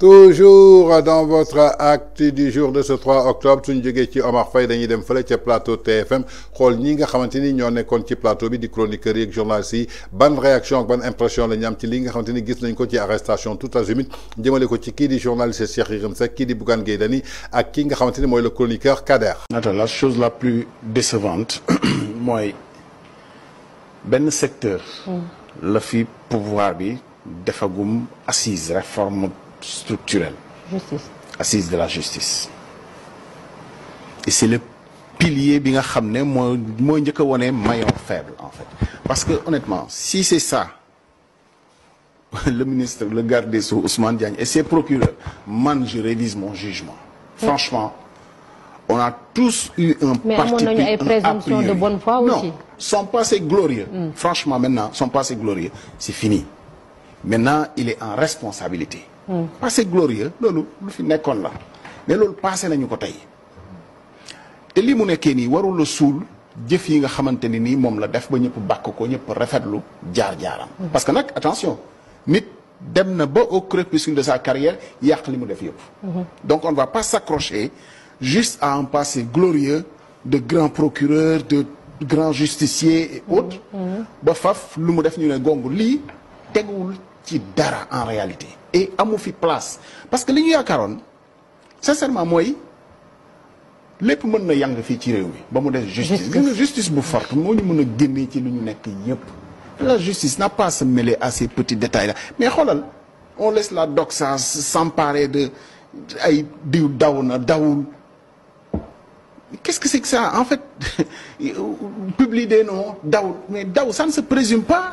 toujours dans votre acte du jour de ce 3 octobre suñ jógee ci Omar Faye dañuy dem fële ca plateau TFM xool ñi nga xamante ni ñoo nekkoon ci plateau bi di chroniqueurs yi journaliste, bonne réaction bonne impression la ñu am ci li nga xamante ni gis nañ ko ci arrestation tout azimut jëmale ko ci kii di journaliste Cheikh Yérim Seck kii di Bougane Gueye Dany ak ki nga xamante ni le chroniqueur Kader. Nata la chose la plus décevante mooy benn secteur. Mm. le fi pouvoir bi defagum assise réforme structurelle. assise de la justice. et c'est le pilier bi nga moi maillon faible en fait parce que honnêtement si c'est ça le ministre le garde des Sceaux Ousmane Diagne et ses procureurs man je révise mon jugement. franchement on a tous eu un. mais présomption de bonne foi non son passé glorieux. Mm. franchement maintenant son passé glorieux c'est fini maintenant il est en responsabilité. passé glorieux non, lu fi nekkoon la mais ne passé li mu c'est nga ni momla def ba pour parce que attention nit dem na ba au crépuscule de sa carrière yàq li mu def donc on ne va pas s'accrocher juste à un passé glorieux de grand procureur de grand justicier et autres. ba faf lu ci dara en réalité et amu place parce que li à caron sincèrement moi les poumons na yàng fii ci oui bon modèle justice une justice bu forte moo ñu mën a génnee ci lu la justice n'a pas à se mêler à ces petits détails là mais voilà on laisse la doxa s'emparer de ay diw down qu'est-ce que c'est que ça en fait publier des noms mais daw ça ne se présume pas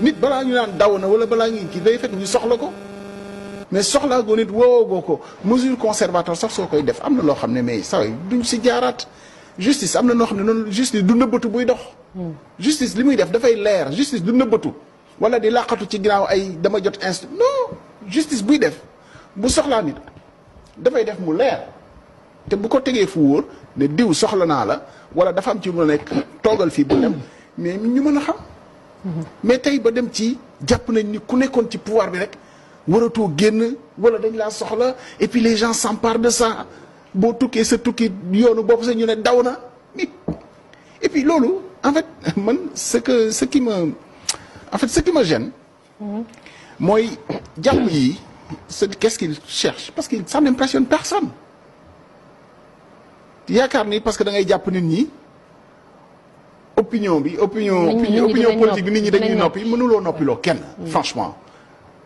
nit balaa ñu naan daw na wala balaa ñuy kii day fekk ñu soxla ko mais soxlaa goo nit woowoo ko mesure conservatoire sax soo koy def am na loo xam ne mais saa duñ si jaaraat justice am na noo xam ne noonu justice du nëbbatu buy dox. justice li muy def dafay leer justice du nëbbatu wala di làqatu ci ginnaaw ay dama jot instru non justice buy def bu soxlaa nit dafay def mu leer te bu ko tegee fu wóor ne diw soxla naa la wala dafa am ci nekk toogal fii bu dem mais ñu mën a xam. mais tay ba dem ci japp nañ ni ku nekkon ci pouvoir bi rek waratoo génn wala dañ la soxla et puis les gens s'emparent de ça bo tukkee sa tukki yoonu bopp sa ñu ne dawna na et puis lolu en fait man ce que ce qui me en fait ce qui me gêne moy japp yi qu'est-ce qu'ils cherchent parce que ça n'impressionne personne yaakaar ni parce que da ngay japp nit ñi opinion opinion opinion politique ni nit ñi dañuy lo nopi lo kenn mm. franchement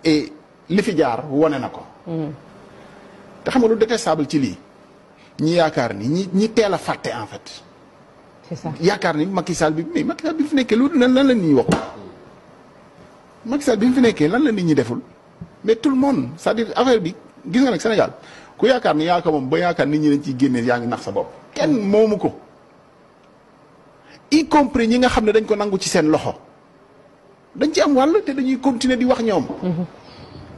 et li fi jaar woné nako mm. xam lu détestable ci ni en fait c'est ça ni Macky bi mais Macky bi fi lan la ñi wax bi lan la mais tout le monde c'est-à-dire affaire bi gis nga nak Sénégal ku ni ko ba nit ñi nax sa kenn y compris ñi nga xam dañ ko nangu ci seen loxo dañ ci am wàll té dañuy continuer di wax ñoom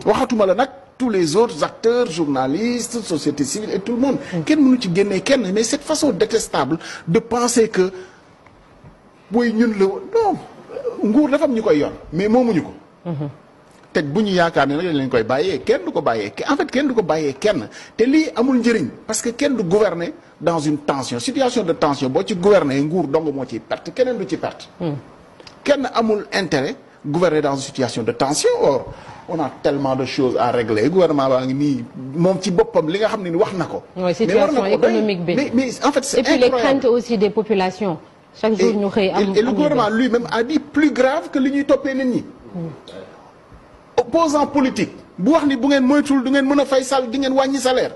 waxatuma la nak tous les autres acteurs journalistes société civile et tout le monde mm. kenn mënu ci génnee kenn mais cette façon détestable de penser que boy ñun la non nguur dafa am ñukoy yoon mais moomuñu ko mm-hmm teg bu ñu yaakaar ne koy bayé kenn duko bayé en fait kenn duko bayé kenn té li amul njëriñ parce que kenn du gouverner dans une tension situation de tension bo ci gouverner nguur dong mo qu'elle perte kenen du ci perte. Hmm. kenn amul intérêt gouverner dans une situation de tension or on a tellement de choses à régler gouvernement mon ngi nii moom ci les li nga xamni wax situation économique mais en fait c'est et puis les craintes aussi des populations. chaque jour nous xëy am et le gouvernement lui-même a dit plus grave que li ñuy topé nit hmm opposant politique bu wax ni bu ngeen moytul du ngeen mën fay sal di ngeen salaire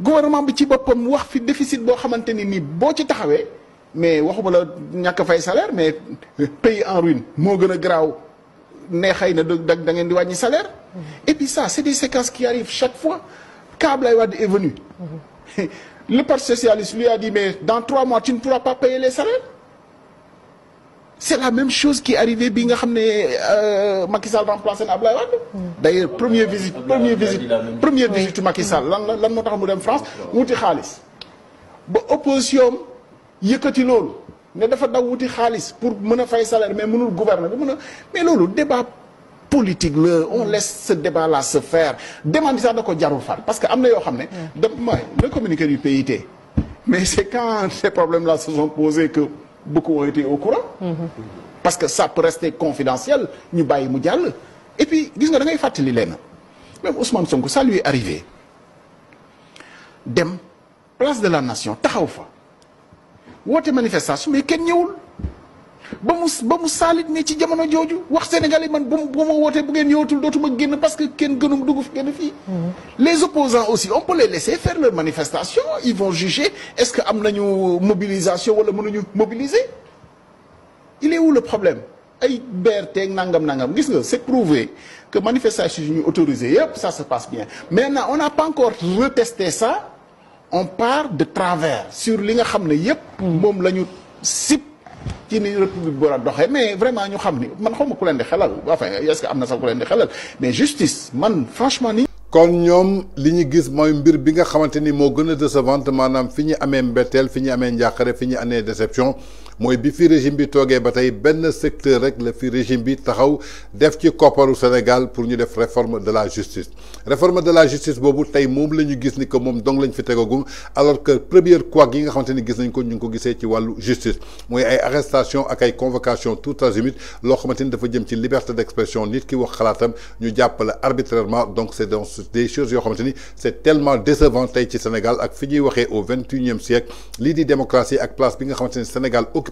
gouvernement bi ci bopam wax fi déficit bo xamanteni ni bo ci taxawé mais waxuma la ñàkk fay salaire mais pays en ruine mo gën a ne na da da ngeen di salaire. Mm-hmm. et puis ça c'est des séquences qui arrivent chaque fois câble câble est venu. Mm-hmm. le parti socialiste lui a dit mais dans trois mois tu ne pourras pas payer les salaires c'est la même chose qui est arrivée bi nga xam ne euh, Macky Sall remplacé Wade. d'ailleurs première visite première visite première visite Macky Sall lan lan moo tax mu dem France wuti xaalis ba opposition yëkkati loolu ne dafa daw wuti Khalis pour faire a fay salaire mais mënul gouverner ba mais le débat politique là, on laisse ce débat là se faire demandez ça à ko jarul parce que y a des gens qui le communiqué du PIT mais c'est quand ces problèmes là se sont posés que beaucoup ont été au courant. parce que ça peut rester confidentiel nous bàyyi mu et puis dis-nous nga da ngay même Ousmane Sonko ça lui est arrivé dem place de la nation taxaw fa des manifestation mais kenn ba mu ba mu ne ci jamono joju wax sénégalais man bu woté bu ngeen ñëwatul dotuma génn parce que ken gënum dugg fi génn mm-hmm. les opposants aussi on peut les laisser faire leur manifestation ils vont juger est-ce que am nañu mobilisation wala mënuñu mobiliser il est où le problème ay BRT nangam nangam gis nga c'est prouvé que manifestation ñu autorisé yëpp ça se passe bien maintenant on n'a pas encore retesté ça on part de travers sur li nga xamné ne mom mm-hmm. lañu sip ci ni république bu war mais vraiment ñu xamni man xaw ma ku len di xelal enfin est-ce que amna sax ku len di xelal mais justice man franchement ni kon ñom li ñi gis moy mbir bi nga xamanteni mo moo gën manam fi ñi amé mbetteel fi ñi amé njàqare fi ñi amee déception moy bi fi régime bi togué batay ben secteur rek le fi régime bi taxaw def ci kopparu Sénégal pour ñu def réforme de la justice réforme de la justice bobu tay mom lañu gis ni que mom dong lañ fi téggu alors que première quoi yi nga xamanteni gis nañ ko ñu ko gisé ci walu justice moy ay arrestation ak ay convocation tout azimut limite lo xamanteni dafa jëm ci liberté d'expression nit ki wax xalaatam ñu jàppale arbitrairement donc c'est des choses yo xamanteni c'est tellement décevant tay ci Sénégal ak fi ñuy waxé au 21e siècle li di démocratie ak place bi nga xamanteni Sénégal occupe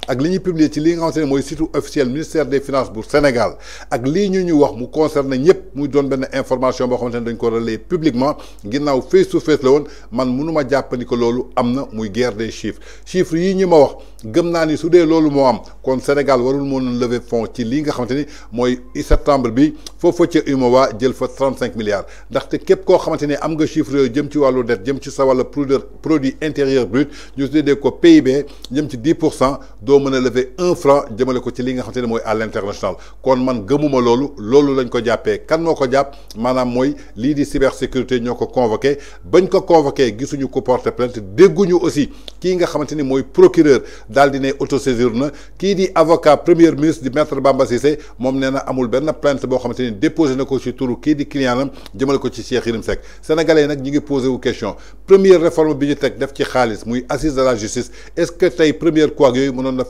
ak liñu ñuy publier ci li nga xamante ne mooy site officiel ministère des finances bu Sénégal ak lii ñu ñu wax mu concerne ñëpp muy doon benn information boo xamante ne dañ ko relayer publiquement ginnaaw face to face la woon man mënuma jàpp ni que loolu am na muy guerre des chiffres chiffres yi ñu ma wax gëm naa ni su dee loolu moo am kon Sénégal warul mën a lever fonds ci li nga xamante ni mooy septembre bi foofa ca UMOA jël fa 35 milliards ndaxte képp koo xamante ne am nga chiffres yooyu jëm ci wàllu dette jëm ci sa wàllu produit intérieur brut ñu tuddee ko PIB jëm ci 10 pour doo mën lever un franc jëmale ko ci li nga xamante moy à l'international kon man gëmuma lolu lolu lañ ko jappé kan moko japp manam moy li di cybersécurité ñoko convoqué bañ ko convoqué gisunu ko porter plainte dégguñu aussi qui nga xamante moy procureur daal di auto autosaisir na ki di avocat premier ministre di maître Bamba Cissé mom nee na amul benn plainte bo xamante déposer déposé na ko ci turu ki di client am ko ci Cheikh Irim Seck sénégalais nak ñi ngi poser wu question première réforme bi ñu teg def ci muy assise de la justice est-ce que tay première quoi yoy mënon na